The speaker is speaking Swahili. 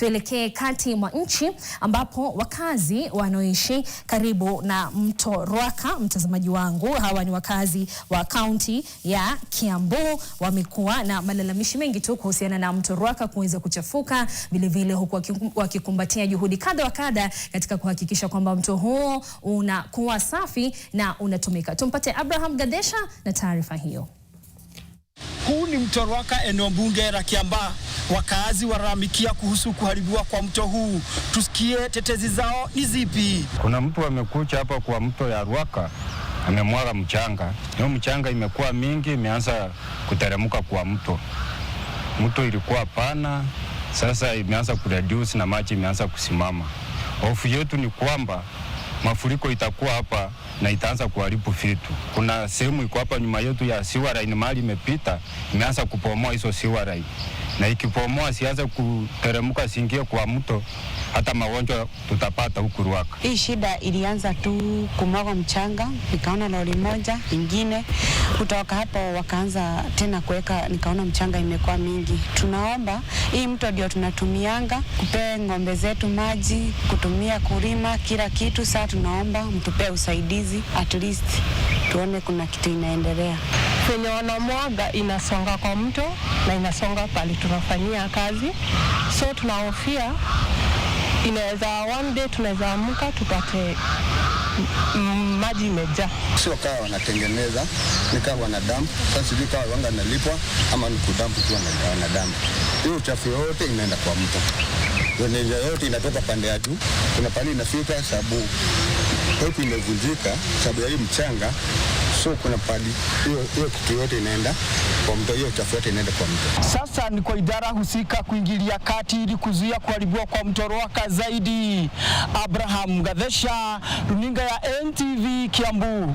Tuelekee kati mwa nchi ambapo wakazi wanaoishi karibu na mto Ruaka, mtazamaji wangu, hawa ni wakazi wa kaunti ya Kiambu, wamekuwa na malalamishi mengi tu kuhusiana na mto Ruaka kuweza kuchafuka, vilevile huku wakikumbatia juhudi kadha wa kadha katika kuhakikisha kwamba mto huo unakuwa safi na unatumika. Tumpate Abraham Gadesha na taarifa hiyo. Huu ni mto Ruaka, eneo bunge la Kiambaa Wakazi walalamikia kuhusu kuharibiwa kwa mto huu, tusikie tetezi zao ni zipi. Kuna mtu amekucha hapa kwa mto ya Ruaka amemwaga mchanga, hiyo mchanga imekuwa mingi, imeanza kuteremka kwa mto. Mto ilikuwa pana, sasa imeanza kureduce na maji imeanza kusimama. Hofu yetu ni kwamba mafuriko itakuwa hapa na itaanza kuharibu vitu. Kuna sehemu iko hapa nyuma yetu ya siwa line, mali imepita imeanza kupomoa hizo siwa na ikipomoa sianze kuteremka singie kwa mto, hata magonjwa tutapata huku Ruaka. Hii shida ilianza tu kumwaga mchanga, nikaona lori moja ingine kutoka hapo, wakaanza tena kuweka, nikaona mchanga imekuwa mingi. Tunaomba hii mto ndio tunatumianga kupee ng'ombe zetu maji, kutumia kulima, kila kitu. Saa tunaomba mtupee usaidizi at least tuone kuna kitu inaendelea venye wanamwaga inasonga kwa mto na inasonga pali tunafanyia kazi, so tunahofia inaweza one day tunaweza amka tupate maji imejaa, sio kawa wanatengeneza ni kawa wana Sasa sijui kawa wanga nalipwa ama ni kudampu tu wanadamu. Hiyo uchafu yote inaenda kwa mto, weneza yote inatoka pande ya juu, kuna pale inafika sababu hepu imevunjika sababu ya hii mchanga so kuna padi hiyo kitu yote inaenda kwa mto, hiyo chafu yote inaenda kwa mto. Sasa ni kwa idara husika kuingilia kati ili kuzuia kuharibiwa kwa mto Ruaka zaidi. Abraham Gadhesha, runinga ya NTV Kiambu.